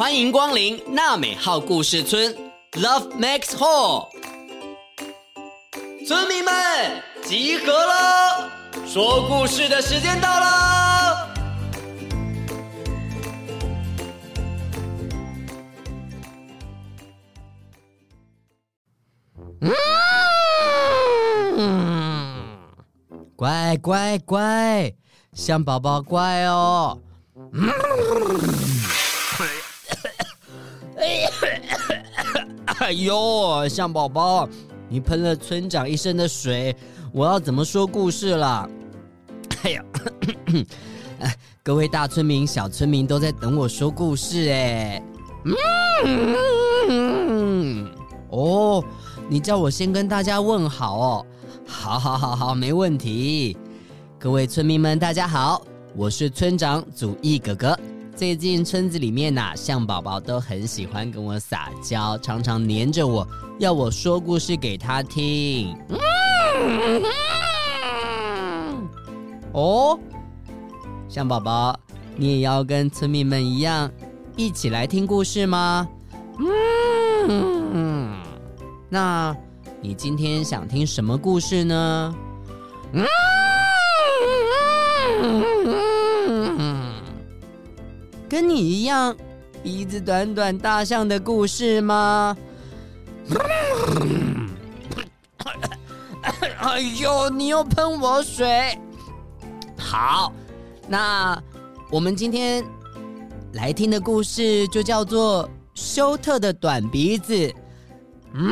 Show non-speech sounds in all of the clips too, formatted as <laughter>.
歡迎光臨納美號故事村，Love Max Hall，村民們集合了，說故事的時間到啦！嗯，乖乖乖，像寶寶乖哦，嗯。 <coughs> 哎呦，象寶寶，你噴了村長一身的水，我要怎麼說故事了？哎呀、啊，各位大村民、小村民都在等我說故事哎。嗯，哦，你叫我先跟大家問好哦。好好好好，沒問題。各位村民們，大家好，我是村長祖逸哥哥。最近村子裡面吶、啊，象寶寶都很喜歡跟我撒嬌，常常黏着我，要我說故事給他聽。哦、 <laughs> oh?，象寶寶，你也要跟村民們一樣，一起來聽故事嗎？嗯， <laughs> 那你今天想聽什麼故事呢？ <laughs> 跟你一樣鼻子短短大象的故事嗎？ <laughs> <coughs> 哎呦，你又噴我水！好，那我們今天來聽的故事就叫做《休特的短鼻子》。嗯，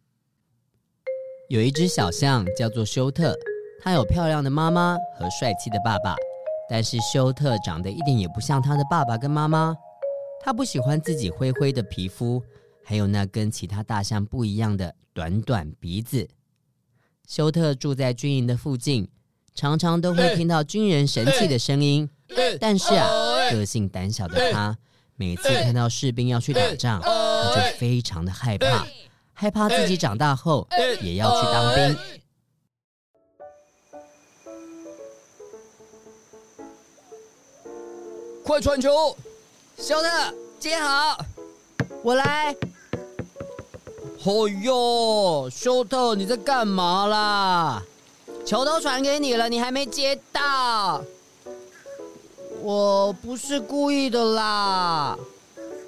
<coughs> 有一隻小象叫做休特。他有漂亮的媽媽和帥氣的爸爸，但是休特長得一點也不像他的爸爸跟媽媽。他不喜歡自己灰灰的皮膚，還有那跟其他大象不一樣的短短鼻子。休特住在軍營的附近，常常都會聽到軍人神氣的聲音。但是啊，個性膽小的他，每次看到士兵要去打仗，他就非常的害怕，害怕自己長大後也要去當兵。快傳球，休特接好，我來。哎呦，休特你在幹嘛啦？球都傳給你了，你還沒接到？我不是故意的啦。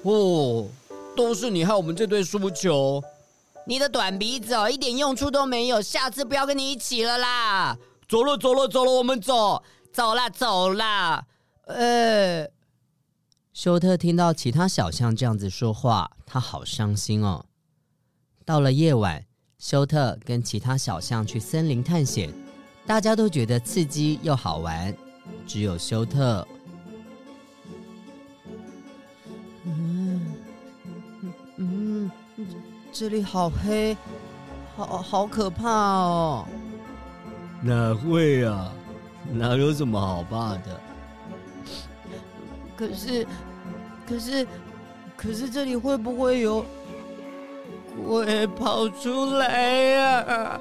哦、oh,，都是你害我們這隊輸球。你的短鼻子哦，一點用處都沒有。下次不要跟你一起了啦。走了，走了，走了，我們走，走啦，走啦。呃、欸，休特聽到其他小象這樣子說話，他好傷心哦。到了夜晚，休特跟其他小象去森林探險，大家都覺得刺激又好玩，只有休特……嗯嗯這，這裡好黑，好好可怕哦。哪會啊？哪有什麼好怕的？可是，可是，可是，這裡會不會有鬼跑出來呀、啊？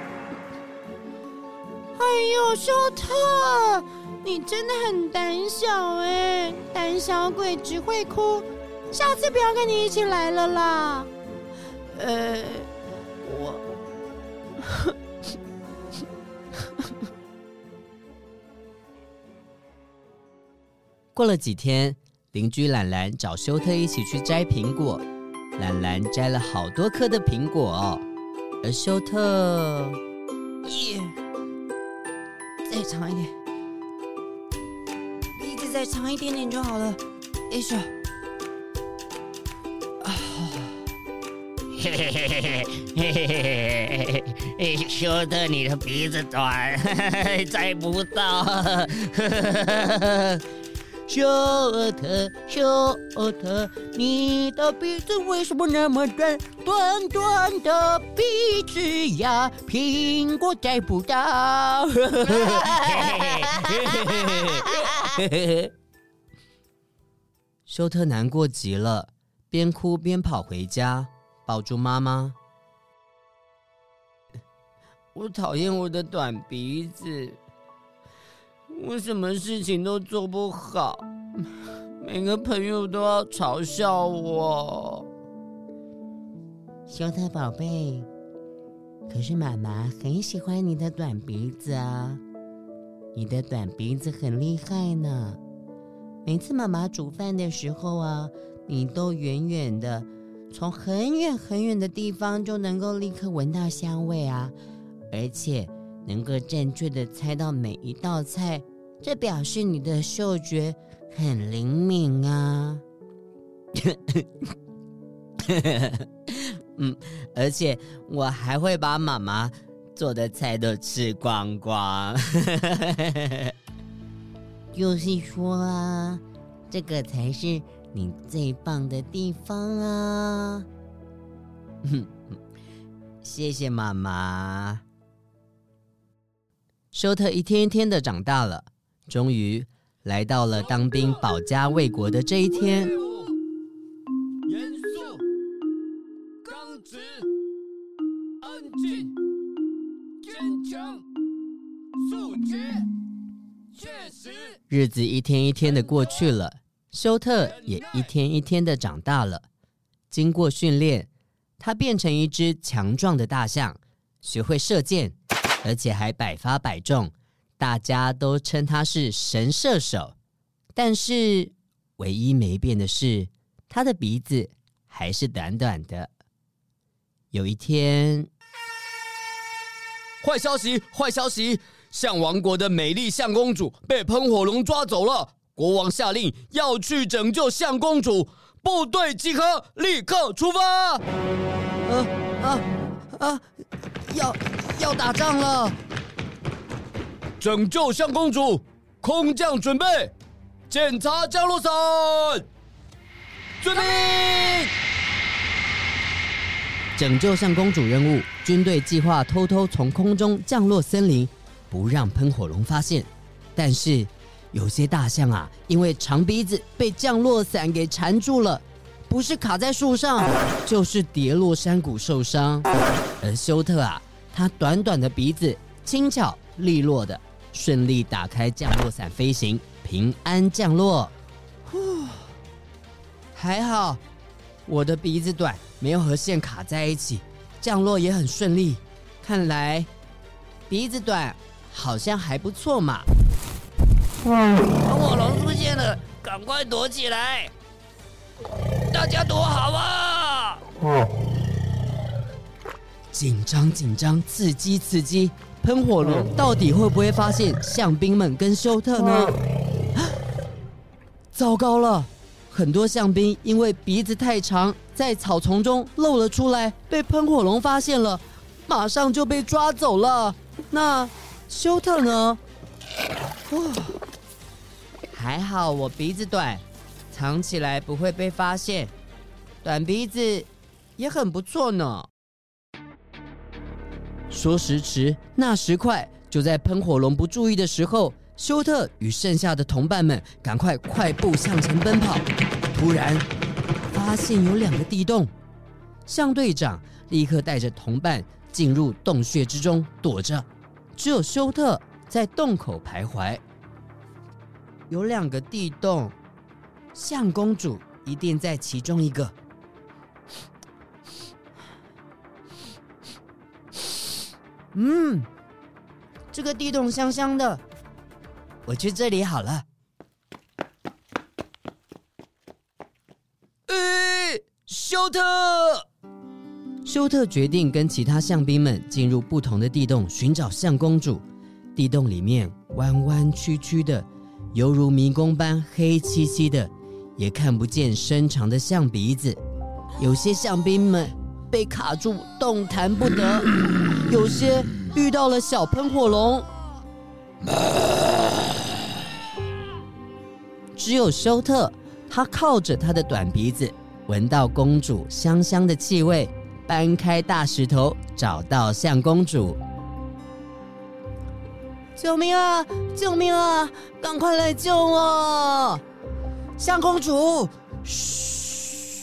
<laughs> 哎呦，休特，你真的很膽小哎、欸，膽小鬼只會哭，下次不要跟你一起來了啦。呃，我。 <laughs> 過了幾天，鄰居懶懶找休特一起去摘蘋果。懶懶摘了好多顆的蘋果，而休特，耶、yeah，再長一點，鼻子再長一點點就好了。哎呦，啊，嘿嘿嘿嘿嘿嘿嘿嘿嘿嘿嘿，休特，你的鼻子短，摘不到。 <laughs> 休特，休特，你的鼻子為什麼那麼短？短短的鼻子呀，蘋果摘不到。哈 <laughs> 休 <laughs> <laughs> 特難過極了，邊哭邊跑回家，抱住媽媽：“ <laughs> 我討厭我的短鼻子。”我什麼事情都做不好，每個朋友都要嘲笑我。休特寶貝，可是媽媽很喜歡你的短鼻子啊，你的短鼻子很厲害呢。每次媽媽煮飯的時候啊，你都遠遠的，從很遠很遠的地方就能夠立刻聞到香味啊，而且能夠正確的猜到每一道菜。這表示你的嗅覺很靈敏啊！ <laughs> 嗯，而且我還會把媽媽做的菜都吃光光。 <laughs> 就是說啊，這個才是你最棒的地方啊！ <laughs> 謝謝媽媽。休特一天一天的長大了。終於來到了當兵保家衛國的這一天。嚴肅、剛直、安靜、堅強、肅決、確實。日子一天一天的過去了，休特也一天一天的長大了。經過訓練，他變成一隻強壯的大象，學會射箭，而且還百發百中。大家都稱他是神射手，但是唯一沒變的是他的鼻子還是短短的。有一天，壞消息，壞消息，象王國的美麗象公主被噴火龍抓走了。國王下令要去拯救象公主，部隊集合，立刻出發。啊啊啊！要要打仗了。拯救象公主，空降準備，檢查降落傘，準備。拯救象公主任務，軍隊計劃偷偷偷從空中降落森林，不讓噴火龍發現。但是有些大象啊，因為長鼻子被降落傘給纏住了，不是卡在樹上，就是跌落山谷受傷。而休特啊，他短短的鼻子，輕巧利落的。順利打開降落傘，飛行，平安降落。呼，還好，我的鼻子短，沒有和線卡在一起，降落也很順利。看來鼻子短好像還不錯嘛。嗯，噴火龍出現了，趕快躲起來！大家躲好啊！緊張緊張，刺激刺激。噴火龍到底會不會發現象兵們跟休特呢？啊，糟糕了，很多象兵因為鼻子太長，在草叢中露了出來，被噴火龍發現了，馬上就被抓走了。那休特呢？哇，還好我鼻子短，藏起來不會被發現。短鼻子也很不錯呢。說時遲，那時快，就在噴火龍不注意的時候，休特與剩下的同伴們趕快快步向前奔跑。突然，發現有兩個地洞，象隊長立刻帶着同伴進入洞穴之中躲着，只有休特在洞口徘徊。有兩個地洞，象公主一定在其中一個。嗯，這個地洞香香的，我去這裡好了。誒，休特！休特決定跟其他象兵們進入不同的地洞尋找象公主。地洞裡面彎彎曲曲的，猶如迷宮般黑漆漆的，也看不見伸長的象鼻子。有些象兵們被卡住，動彈不得。 <laughs> 有些遇到了小噴火龍，只有休特，他靠着他的短鼻子，聞到公主香香的氣味，搬開大石頭，找到象公主。救命啊！救命啊！趕快來救我！象公主，噓，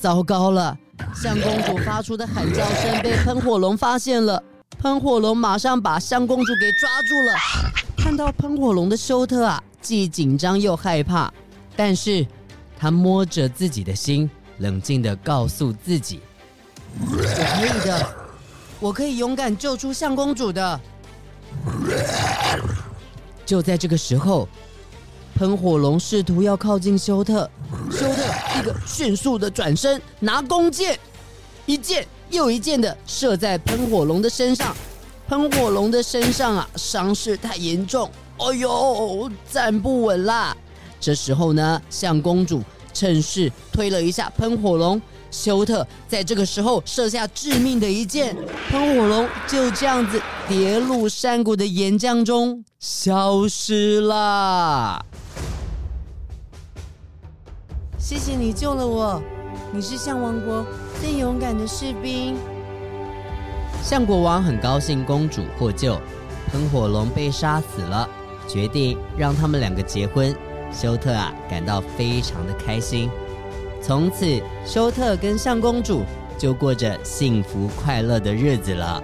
糟糕了。香公主發出的喊叫聲被噴火龍發現了，噴火龍馬上把香公主給抓住了。看到噴火龍的休特啊，既緊張又害怕，但是他摸着自己的心，冷靜地告訴自己：“我可以的，我可以勇敢救出香公主的。”就在這個時候，噴火龍試圖要靠近休特。迅速的轉身，拿弓箭，一箭又一箭的射在噴火龍的身上。噴火龍的身上啊，傷勢太嚴重，哎呦，站不穩啦！這時候呢，象公主趁勢推了一下噴火龍，休特在這個時候射下致命的一箭，噴火龍就這樣子跌入山谷的岩漿中，消失啦。謝謝你救了我，你是象王國最勇敢的士兵。象國王很高興，公主獲救，噴火龍被殺死了，決定讓他們兩個結婚。休特啊，感到非常的開心。從此，休特跟象公主就過着幸福快樂的日子了。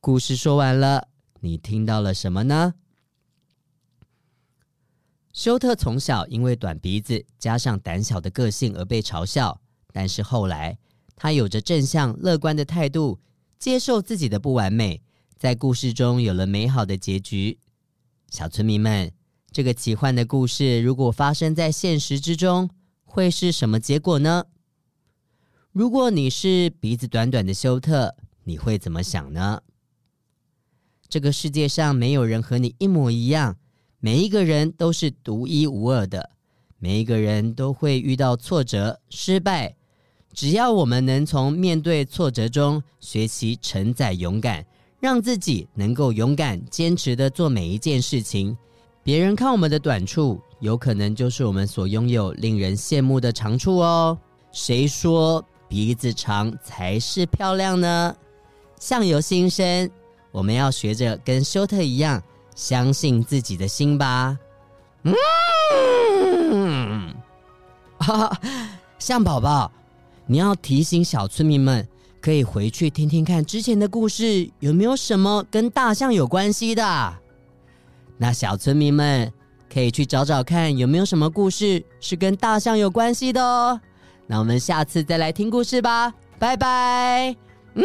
故事說完了。你聽到了什麼呢？休特從小因為短鼻子加上膽小的個性而被嘲笑，但是後來，他有着正向樂觀的態度，接受自己的不完美，在故事中有了美好的結局。小村民們，這個奇幻的故事如果發生在現實之中，會是什麼結果呢？如果你是鼻子短短的休特，你會怎麼想呢？這個世界上沒有人和你一模一樣，每一個人都是獨一無二的，每一個人都會遇到挫折、失敗。只要我們能從面對挫折中學習承載勇敢，讓自己能夠勇敢堅持的做每一件事情。別人看我們的短處，有可能就是我們所擁有令人羨慕的長處哦。誰說鼻子長才是漂亮呢？相由心生。我們要學着跟休特一樣，相信自己的心吧。嗯，哈哈，象寶寶，你要提醒小村民們，可以回去聽聽看之前的故事有沒有什麼跟大象有關係的。那小村民們可以去找找看有沒有什麼故事是跟大象有關係的哦。那我們下次再來聽故事吧，拜拜。嗯。